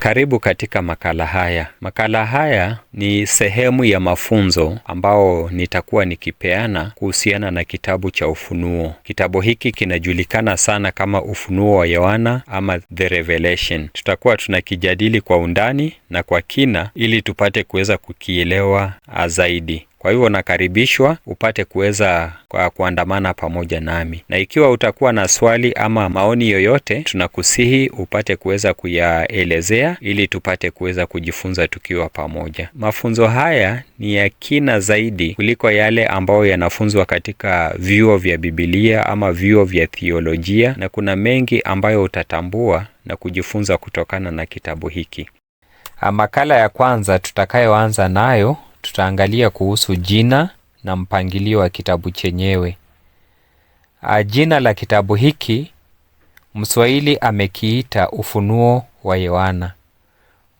Karibu katika makala haya. Makala haya ni sehemu ya mafunzo ambao nitakuwa nikipeana kuhusiana na kitabu cha Ufunuo. Kitabu hiki kinajulikana sana kama Ufunuo wa Yohana ama The Revelation. Tutakuwa tunakijadili kwa undani na kwa kina ili tupate kuweza kukielewa zaidi. Kwa hivyo nakaribishwa upate kuweza kwa kuandamana pamoja nami, na ikiwa utakuwa na swali ama maoni yoyote, tunakusihi upate kuweza kuyaelezea ili tupate kuweza kujifunza tukiwa pamoja. Mafunzo haya ni ya kina zaidi kuliko yale ambayo yanafunzwa katika vyuo vya bibilia ama vyuo vya theolojia, na kuna mengi ambayo utatambua na kujifunza kutokana na kitabu hiki. Ah, makala ya kwanza tutakayoanza nayo tutaangalia kuhusu jina na mpangilio wa kitabu chenyewe. Ah, jina la kitabu hiki Mswahili amekiita Ufunuo wa Yohana.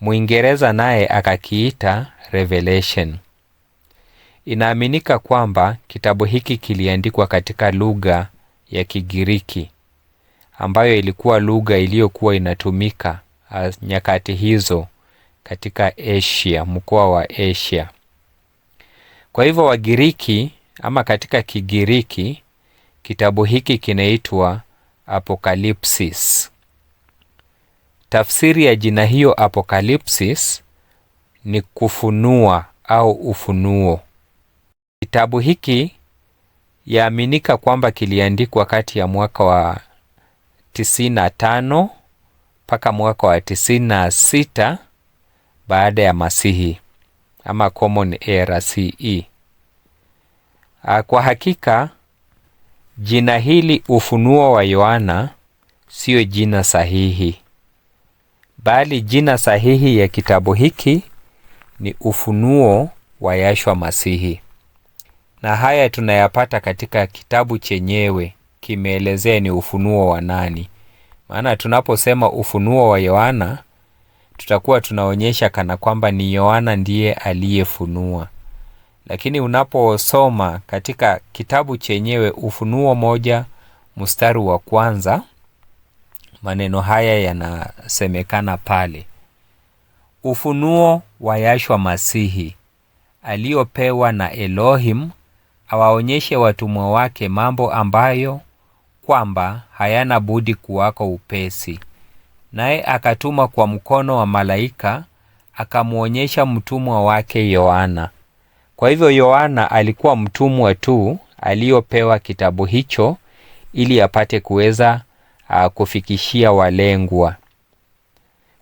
Mwingereza naye akakiita Revelation. Inaaminika kwamba kitabu hiki kiliandikwa katika lugha ya Kigiriki ambayo ilikuwa lugha iliyokuwa inatumika ah, nyakati hizo katika Asia, mkoa wa Asia. Kwa hivyo Wagiriki ama katika Kigiriki kitabu hiki kinaitwa Apokalipsis. Tafsiri ya jina hiyo Apokalipsis ni kufunua au ufunuo. Kitabu hiki yaaminika kwamba kiliandikwa kati ya mwaka wa 95 mpaka mwaka wa 96 baada ya Masihi ama common era CE. Ah, kwa hakika jina hili ufunuo wa Yohana siyo jina sahihi, bali jina sahihi ya kitabu hiki ni ufunuo wa Yashwa Masihi, na haya tunayapata katika kitabu chenyewe, kimeelezea ni ufunuo wa nani. Maana tunaposema ufunuo wa Yohana tutakuwa tunaonyesha kana kwamba ni Yohana ndiye aliyefunua. Lakini unaposoma katika kitabu chenyewe Ufunuo moja mstari wa kwanza, maneno haya yanasemekana pale: ufunuo wa yashwa Masihi aliyopewa na Elohim awaonyeshe watumwa wake mambo ambayo kwamba hayana budi kuwako upesi. Naye akatuma kwa mkono wa malaika, akamwonyesha mtumwa wake Yohana. Kwa hivyo Yohana alikuwa mtumwa tu aliyopewa kitabu hicho ili apate kuweza ah, kufikishia walengwa.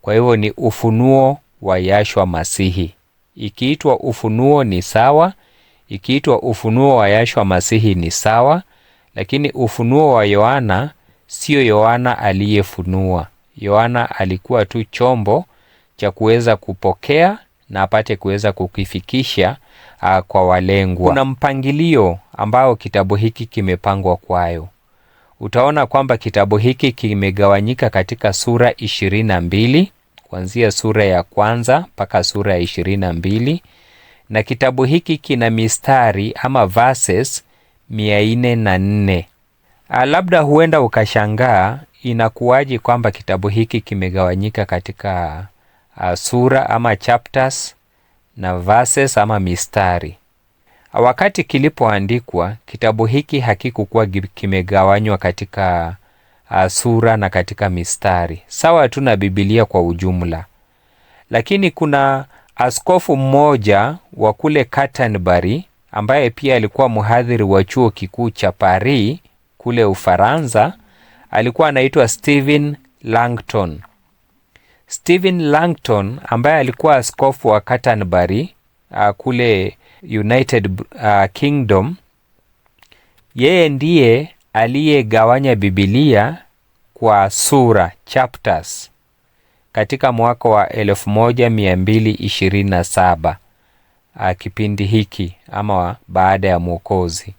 Kwa hivyo ni ufunuo wa Yashwa Masihi. Ikiitwa ufunuo ni sawa, ikiitwa ufunuo wa Yashwa Masihi ni sawa, lakini ufunuo wa Yohana sio Yohana aliyefunua. Yohana alikuwa tu chombo cha kuweza kupokea na apate kuweza kukifikisha uh, kwa walengwa. Kuna mpangilio ambao kitabu hiki kimepangwa kwayo. Utaona kwamba kitabu hiki kimegawanyika katika sura ishirini na mbili kuanzia sura ya kwanza mpaka sura ya ishirini na mbili na kitabu hiki kina mistari ama verses mia nne na nne. Ah, labda huenda ukashangaa inakuwaje kwamba kitabu hiki kimegawanyika katika a, ah, sura ama chapters na verses ama mistari. a ah, Wakati kilipoandikwa kitabu hiki hakikukuwa kimegawanywa katika a, sura na katika mistari, sawa tu na Biblia kwa ujumla, lakini kuna askofu mmoja wa kule Canterbury ambaye pia alikuwa mhadhiri wa chuo kikuu cha Paris kule Ufaransa alikuwa anaitwa Stephen Langton. Stephen Langton ambaye alikuwa askofu wa Canterbury uh, kule United uh, Kingdom, yeye ndiye aliyegawanya Bibilia kwa sura chapters katika mwaka wa 1227 uh, kipindi hiki ama baada ya Mwokozi.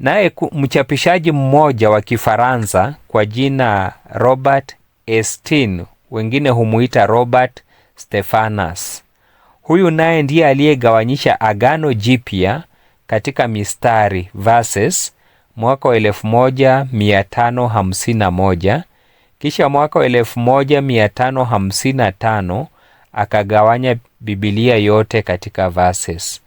Naye mchapishaji mmoja wa Kifaransa kwa jina Robert Estin, wengine humuita Robert Stephanas. Huyu naye ndiye aliyegawanyisha Agano Jipya katika mistari verses mwaka wa 1551 kisha mwaka wa 1555 akagawanya bibilia yote katika verses.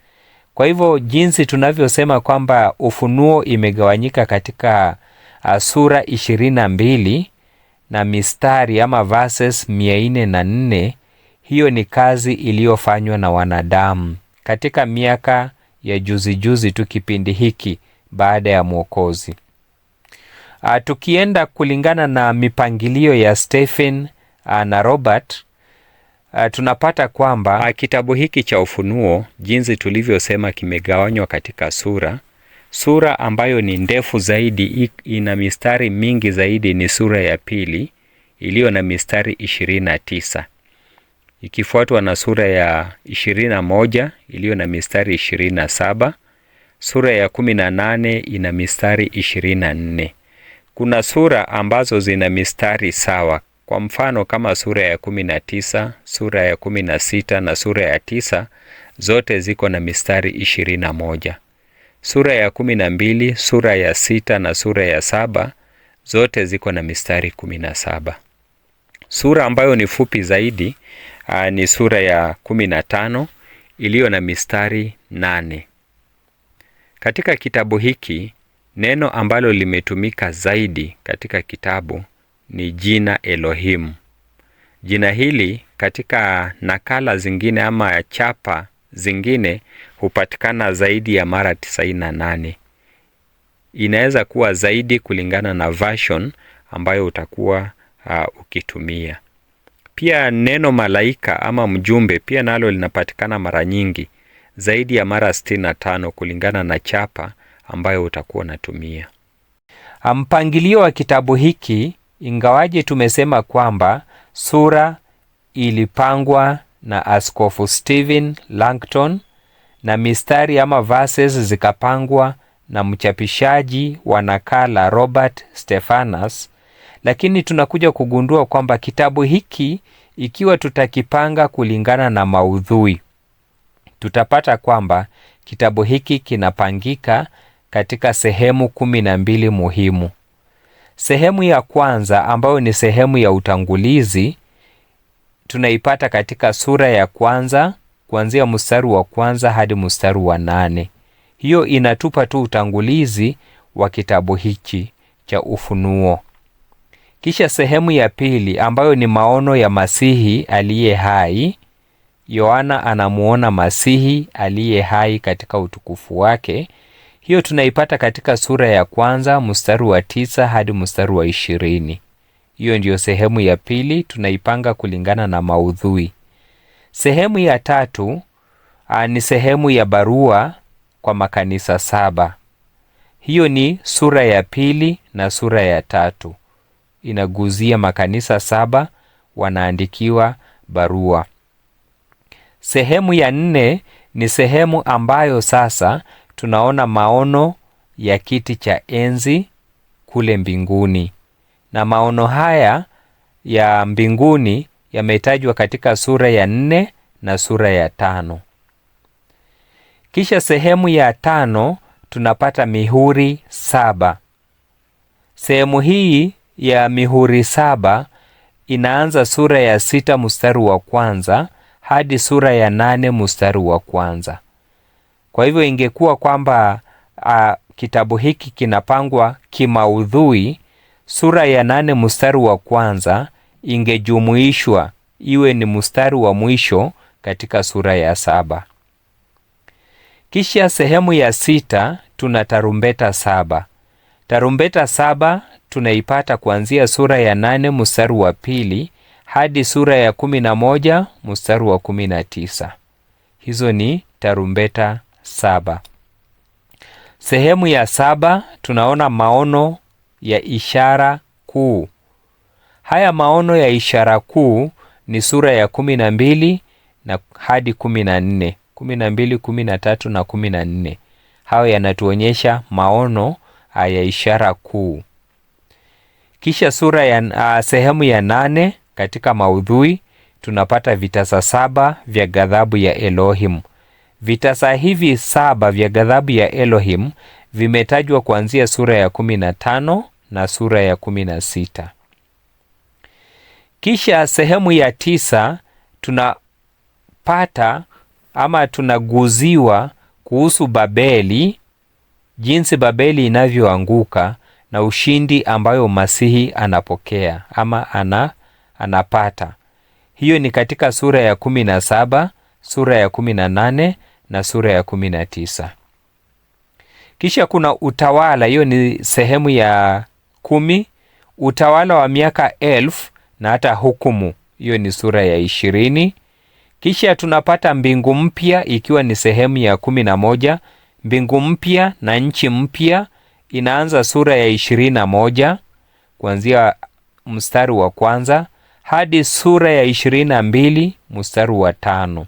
Kwa hivyo jinsi tunavyosema kwamba Ufunuo imegawanyika katika uh, sura 22 na na mistari ama verses mia hiyo ni kazi iliyofanywa na wanadamu katika miaka ya juzi juzi tu, kipindi hiki baada ya Mwokozi. Uh, tukienda kulingana na mipangilio ya Stephen uh, na Robert Uh, tunapata kwamba uh, kitabu hiki cha Ufunuo jinsi tulivyosema kimegawanywa katika sura. Sura ambayo ni ndefu zaidi ina mistari mingi zaidi ni sura ya pili iliyo na mistari 29 ikifuatwa na sura ya 21 iliyo na mistari 27. Sura ya 18 ina mistari 24. Kuna sura ambazo zina mistari sawa kwa mfano kama sura ya kumi na tisa, sura ya kumi na sita na sura ya tisa zote ziko na mistari ishirini na moja. Sura ya kumi na mbili, sura ya sita na sura ya saba zote ziko na mistari kumi na saba. Sura ambayo ni fupi zaidi aa, ah, ni sura ya kumi na tano iliyo na mistari nane. Katika kitabu hiki neno ambalo limetumika zaidi katika kitabu ni jina Elohim. Jina hili katika nakala zingine ama chapa zingine hupatikana zaidi ya mara 98. Inaweza kuwa zaidi kulingana na version ambayo utakuwa uh, ukitumia. Pia neno malaika ama mjumbe pia nalo linapatikana mara nyingi zaidi ya mara 65 kulingana na chapa ambayo utakuwa unatumia. Mpangilio wa kitabu hiki Ingawaje tumesema kwamba sura ilipangwa na Askofu Stephen Langton na mistari ama verses zikapangwa na mchapishaji wa nakala Robert Stephanus, lakini tunakuja kugundua kwamba kitabu hiki ikiwa tutakipanga kulingana na maudhui, tutapata kwamba kitabu hiki kinapangika katika sehemu kumi na mbili muhimu. Sehemu ya kwanza ambayo ni sehemu ya utangulizi tunaipata katika sura ya kwanza kuanzia mstari wa kwanza hadi mstari wa nane. Hiyo inatupa tu utangulizi wa kitabu hiki cha Ufunuo. Kisha sehemu ya pili ambayo ni maono ya Masihi aliye hai. Yohana anamuona Masihi aliye hai katika utukufu wake hiyo tunaipata katika sura ya kwanza mstari wa tisa hadi mstari wa ishirini. Hiyo ndiyo sehemu ya pili, tunaipanga kulingana na maudhui. Sehemu ya tatu a, ah, ni sehemu ya barua kwa makanisa saba. Hiyo ni sura ya pili na sura ya tatu, inaguzia makanisa saba wanaandikiwa barua. Sehemu ya nne ni sehemu ambayo sasa tunaona maono ya kiti cha enzi kule mbinguni na maono haya ya mbinguni yametajwa katika sura ya nne na sura ya tano. Kisha sehemu ya tano tunapata mihuri saba. Sehemu hii ya mihuri saba inaanza sura ya sita mstari wa kwanza hadi sura ya nane mstari wa kwanza. Kwa hivyo ingekuwa kwamba a, kitabu hiki kinapangwa kimaudhui, sura ya nane mstari wa kwanza ingejumuishwa iwe ni mstari wa mwisho katika sura ya saba. Kisha sehemu ya sita tuna tarumbeta saba. Tarumbeta saba tunaipata kuanzia sura ya nane mstari wa pili hadi sura ya kumi na moja mstari wa kumi na tisa. Hizo ni tarumbeta saba. Sehemu ya saba tunaona maono ya ishara kuu. Haya maono ya ishara kuu ni sura ya kumi na mbili na hadi kumi na nne kumi na mbili kumi na tatu na kumi na nne Hayo yanatuonyesha maono ah, ya ishara kuu. Kisha sura ya a, ah, sehemu ya nane katika maudhui tunapata vitasa saba vya ghadhabu ya Elohim. Vitasa hivi saba vya ghadhabu ya Elohim vimetajwa kuanzia sura ya 15 na sura ya 16. Kisha sehemu ya tisa tunapata ama tunaguziwa kuhusu Babeli, jinsi Babeli inavyoanguka na ushindi ambayo Masihi anapokea ama ana, anapata. Hiyo ni katika sura ya 17, sura ya 18 na sura ya kumi na tisa. Kisha kuna utawala, hiyo ni sehemu ya kumi, utawala wa miaka elfu na hata hukumu, hiyo ni sura ya ishirini. Kisha tunapata mbingu mpya ikiwa ni sehemu ya kumi na moja. Mbingu mpya na nchi mpya inaanza sura ya ishirini na moja kuanzia mstari wa kwanza hadi sura ya ishirini na mbili mstari wa tano.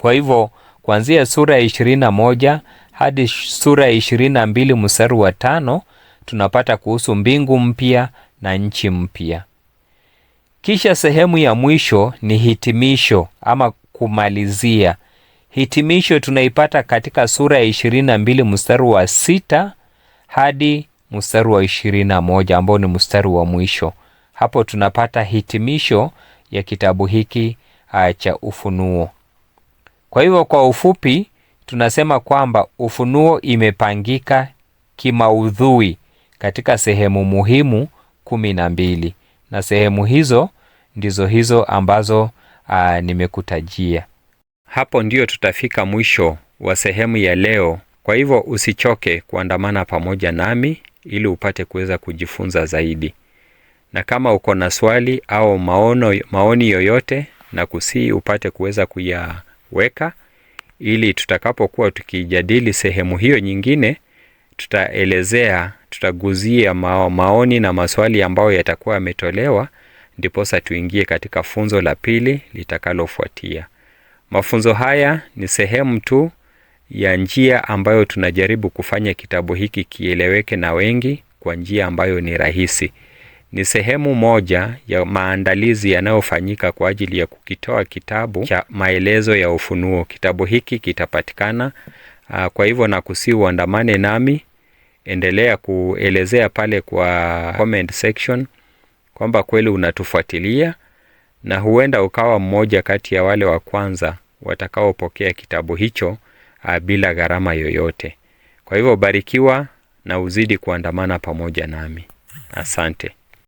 Kwa hivyo Kuanzia sura ya 21 hadi sura ya 22 mstari wa tano tunapata kuhusu mbingu mpya na nchi mpya. Kisha sehemu ya mwisho ni hitimisho ama kumalizia. Hitimisho tunaipata katika sura ya 22 mstari wa sita hadi mstari wa 21 ambao ni mstari wa mwisho. Hapo tunapata hitimisho ya kitabu hiki ah, cha Ufunuo. Kwa hivyo kwa ufupi tunasema kwamba Ufunuo imepangika kimaudhui katika sehemu muhimu kumi na mbili na sehemu hizo ndizo hizo ambazo aa, ah, nimekutajia. Hapo ndio tutafika mwisho wa sehemu ya leo. Kwa hivyo usichoke kuandamana pamoja nami ili upate kuweza kujifunza zaidi, na kama uko na swali au maono, maoni yoyote na kusii upate kuweza kuya weka ili tutakapokuwa tukijadili sehemu hiyo nyingine, tutaelezea, tutaguzia maoni na maswali ambayo yatakuwa yametolewa, ndiposa tuingie katika funzo la pili litakalofuatia. Mafunzo haya ni sehemu tu ya njia ambayo tunajaribu kufanya kitabu hiki kieleweke na wengi kwa njia ambayo ni rahisi. Ni sehemu moja ya maandalizi yanayofanyika kwa ajili ya kukitoa kitabu cha maelezo ya ufunuo. Kitabu hiki kitapatikana, ah, kwa hivyo nakusii uandamane nami, endelea kuelezea pale kwa comment section kwamba kweli unatufuatilia na huenda ukawa mmoja kati ya wale wa kwanza watakaopokea kitabu hicho ah, bila gharama yoyote. Kwa hivyo barikiwa na uzidi kuandamana pamoja nami. Asante.